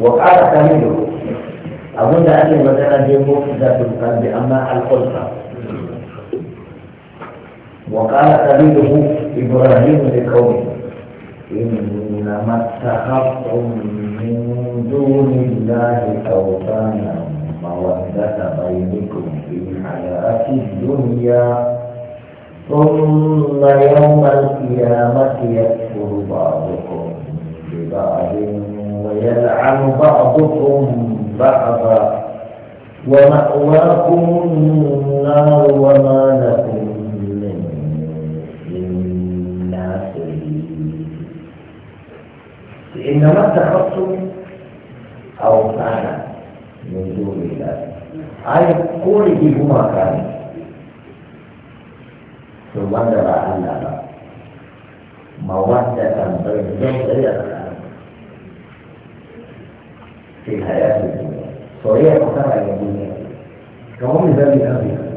وقال قليل أظن أن المدينة دي ذات القلب أما الخلفة وقال قليله إبراهيم لقومه إنما اتخذتم من دون الله أوثانا مودة بينكم في الحياة الدنيا ثم يوم القيامة يكفر بعضكم ببعض ويلعن بعضكم بعضا ومأواكم النار وما لكم من ناصرين إنما التخصص أو كان من دون الله أي قوله هما كان ثم ذرى أن مودة بين الزوجين في الحياة الدنيا فهي مصارعة الدنيا كهم ذلك أبيها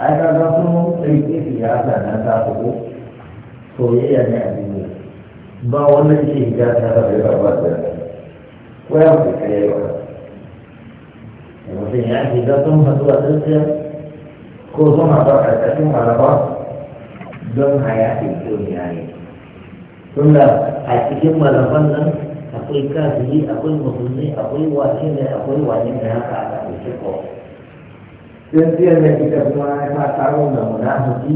أنا نصر ريكي هذا نتاقه فهي يعني ba wannan ke ga ta da ya ba da ko ya ku kai ba mutum ya ce da sun fadu a tsakiya ko suna ba a cikin malaba don hayati duniya ne tunda a cikin malaban nan akwai kafiri akwai musulmi akwai wace ne akwai wane ne haka a ɗauke ko gaskiyar da ita kuma ta taro da munafiki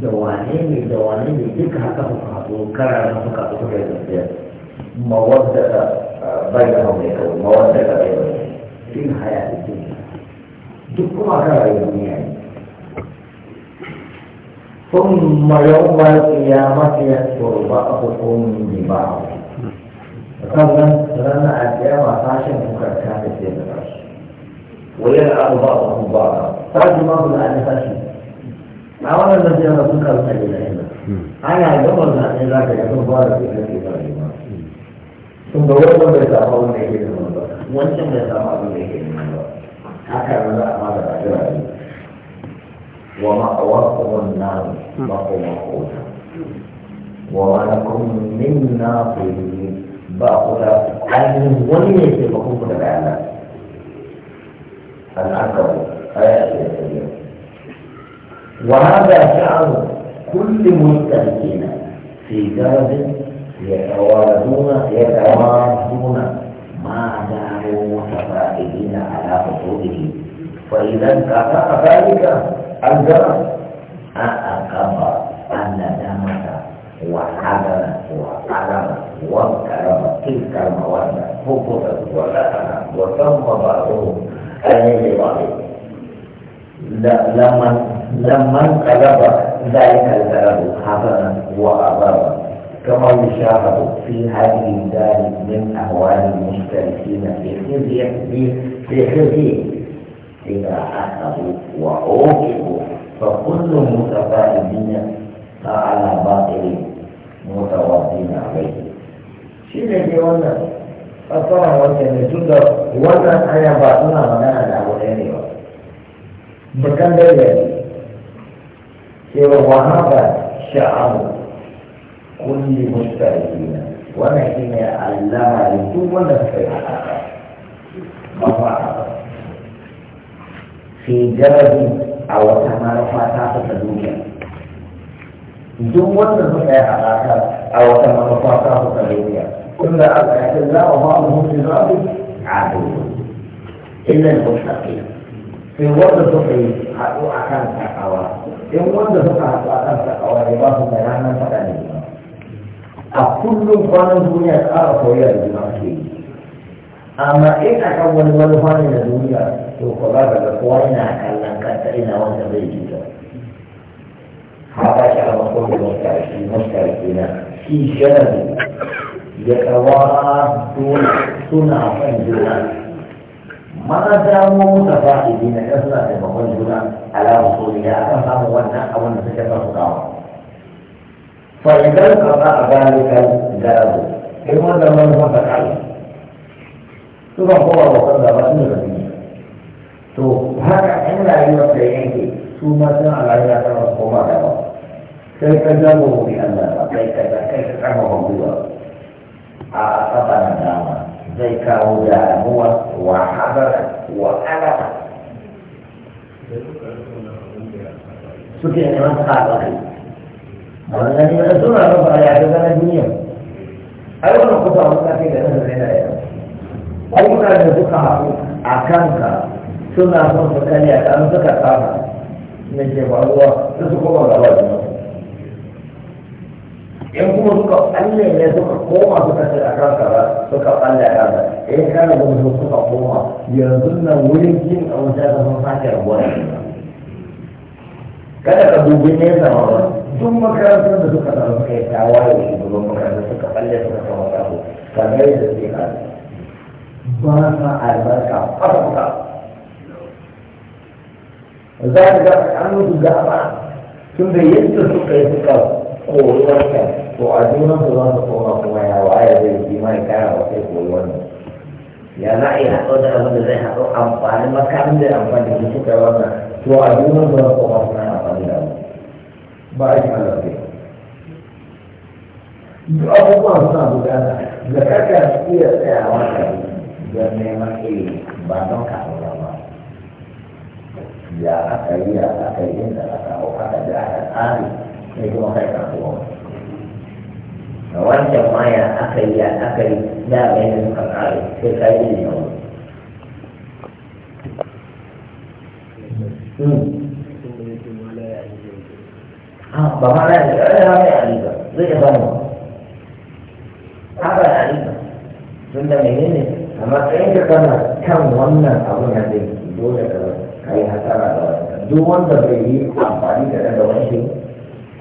da wane ne da wane ne duka haka suka haɗu karara suka haɗu suka yi gaskiyar mawadda da bai da hau mai kawai mawadda da bai da fin haya da jin duk kuma kan rayuwar duniya ne ثم يوم القيامة يكفر بعضكم ببعض sannan ranar alƙiyama sashen mukarta da ke da sashi wajen abubuwa kuma ba ba sashi ma kula da sashi a wannan da jama'a sun karu a gina yana ana gaba na ne za ka yasan ba da ke da ke da rima sun ga wannan bai samu abin da ke da ba wancan bai samu abin da ke da ba haka ne za a ma da rayuwa ne wa ma'awar kuma na ba kuma kota wa ma lakum min na fi ba ku da ainihin wani ne ke bakon ku da bayanan al'akabu aya ce da biyar wa hada sha'aru kulli mustalkina fi garadin يتوازون يتوازون ما داروا متفائلين على حصوله فإذا انقطع ذلك الجرس أعقب الندم وعلم وعلم وكرم تلك المواد فقدت ولحنا وتم بعضهم عن بعض لما لما انقلب ذلك البلد حسنا وأبرا كما يشاهد في هذه الدار من أهوال المشتركين في خزي في خزي إذا أخذوا وعوقبوا فكل المتفائلين على باطلين متواضعين عليه شيء يجي وانا أصلا وانا نسود وانا أنا باتنا وانا أنا أولاني بكم بيجي سوى وهذا شعر كل مستعدين وانا حين علمها لكل وانا في الحقيقة في درجة أو تمارفات تحت الدنيا duk wanda suka yi haɗaka a wata manufa ta su kaloriya tun da aka yi za a ba mu mutu za su ado illa da mutaki sai wanda suka yi haɗu a kan takawa in wanda suka haɗu a kan takawa ne ba su da ranar faɗa ne a kullum kwanan duniya ƙara koyar da juna ke yi amma in a kan wani manufa ne na duniya to ko za ka ga kowa yana kallon kanta ina wanda zai ji ta هذا شعر مقول المشتركين المشتركين في جانب يتوادون صنع جنان ما داموا متفائلين كثرة تبقون جنان على وصولها فهم وانا او أن نسكت الصدار فإذا قطع ذلك الجلد إما زمن هو تكعلم ثم هو وقد ذهبت من الدنيا تو هذا إلا يوصي ثم ما شاء العيات وما نرى كيف جابوه بأن كيف كيف فهمهم بذلك أعطنا نعم. دعوة زي كاو داموة وحضرة وألمة سكي أنا أنقى بخي وأنا لم أزور ربع يعجبنا الدنيا أولا قطع الله في لأنه العناية أولا أن تقع أكانك سنة صنف الآلية أن تكتابها na ke faruwa da su koma gaba da in kuma suka tsalle ne suka koma suka ce a kan kaza suka tsalle a kansa in kana gudu suka koma yanzu nan wurin jin a wuta da sun sake rabuwa da kada ka dubi nesa ma ba duk makarantar da suka zama suka yi tawaye da shugaban makarantar suka tsalle suka kama sabo kamar yadda suke kan ba sa albarka ba kwata za ka ga tsakanin su gaba tun da yadda suka yi suka koyi wancan to a junan su za su koma kuma ya waya zai yi ma ya kara wa sai koyi wannan ya za a haɗo da abin da zai haɗo amfani makamin da amfani da suka yi wannan to a junan su za su koma suna amfani da abu ba a yi halarci duk abubuwan suna gudana da kaka iya tsayawa da neman ilimi ba don kafa ya aka yi ya aka yi yadda aka hauka da da aka tsari sai kuma kai ka kuma da wancan ma ya aka yi ya aka yi da mai da suka tsari sai ka yi ne yau ba ma na yi ƙarfi ba mai aliba zai iya ba mu haka da aliba tun da menene a matsayin da kana kan wannan abu na zai dole da wani a yi hasara da wani duk wanda bai yi amfani da na gaban shi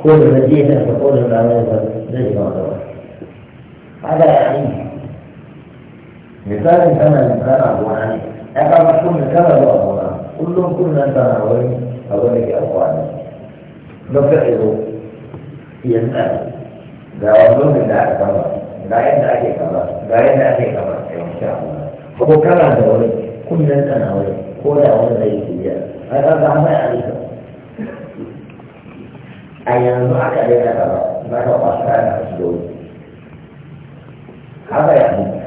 ko da na jefa ka ko da na wani zai yi wani gaba haka ya yi misalin kana da kana gona ne ya kama kun da kana zuwa gona kullum kun nan tana wani abin da ke amfani don ka ido yanzu ga wani da aka kama ga yadda ake kama ga yadda ake kama ko kana da wani kun nan tana wani ولا ولا يجي هذا ما يعرف أي نوع كذا كذا ما هو أصلا مسلول هذا يعني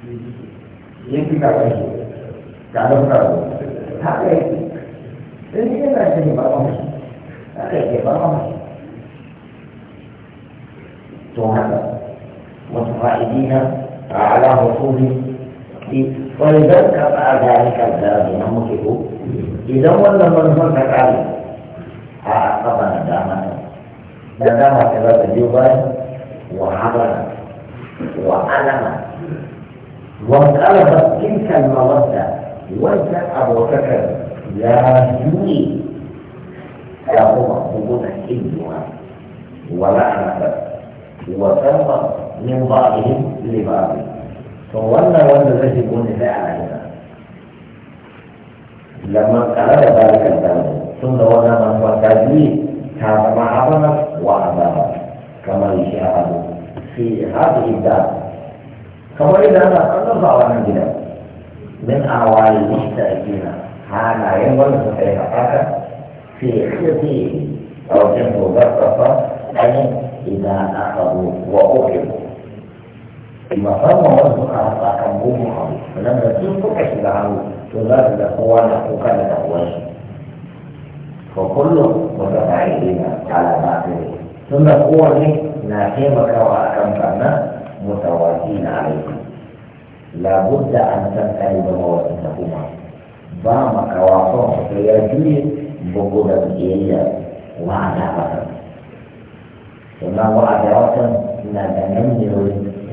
Thank you. ya fi kafin shi gaban karo haka yake sun yi yana shi ne barban shi haka yake barban shi to haka متقاعدين على حصول ولذلك قطع ذلك الباب نمكه إذا ولا من هو تقال عقبنا داما ندم كذا تجوبا وعبنا وعلما وانقلبت تلك المودة وانت أبو بكر يا جوني يا عمر وجودك ولا ولعنك وسلم من بعضهم لبعض فولى ولا زي يكون فعلا لما انقلب ذلك البلد ثم ولى من فكرني كان معظما وعذابا كما يشاهد في هذه الدار فهو إذا ما نرفع عندنا من أعوال المحتاجين على ينبغي في الحقيقة في خطي أو جنب بسطة أن إذا أخذوا وأخذوا لما فهم وزن خاصة كان بوم حوي فلما تنفق كشب عنه تنفق لأخوانا وكان تقوش فكله متفاعلين على ما فيه ثم قوة لك ناكي مكوى أكم فرنات متوازين عليهم لا بد أن تنقلب موازينهما بام في حقيقي بقول الجيل وعلى بطن ثم وعد وطن نتنمر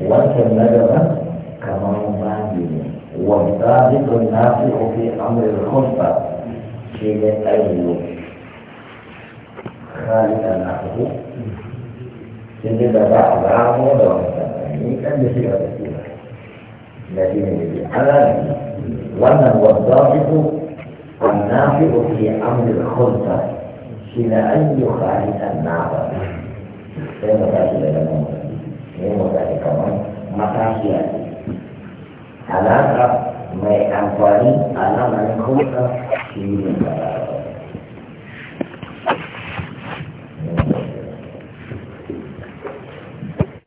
وكم مدرسة كما مبادئ والصادق النافع في أمر الخلفة في أيضا خالق نحوه سيدنا بعض عام ودرسة ini kan mesti ada sila. Jadi ini alam wana wadahiku النافع في أمر الخلطة إلى أن يخالف النار saya mau kasih dalam ini mau kasih kamu makasih ya anak mereka amfani anak mereka kulta ini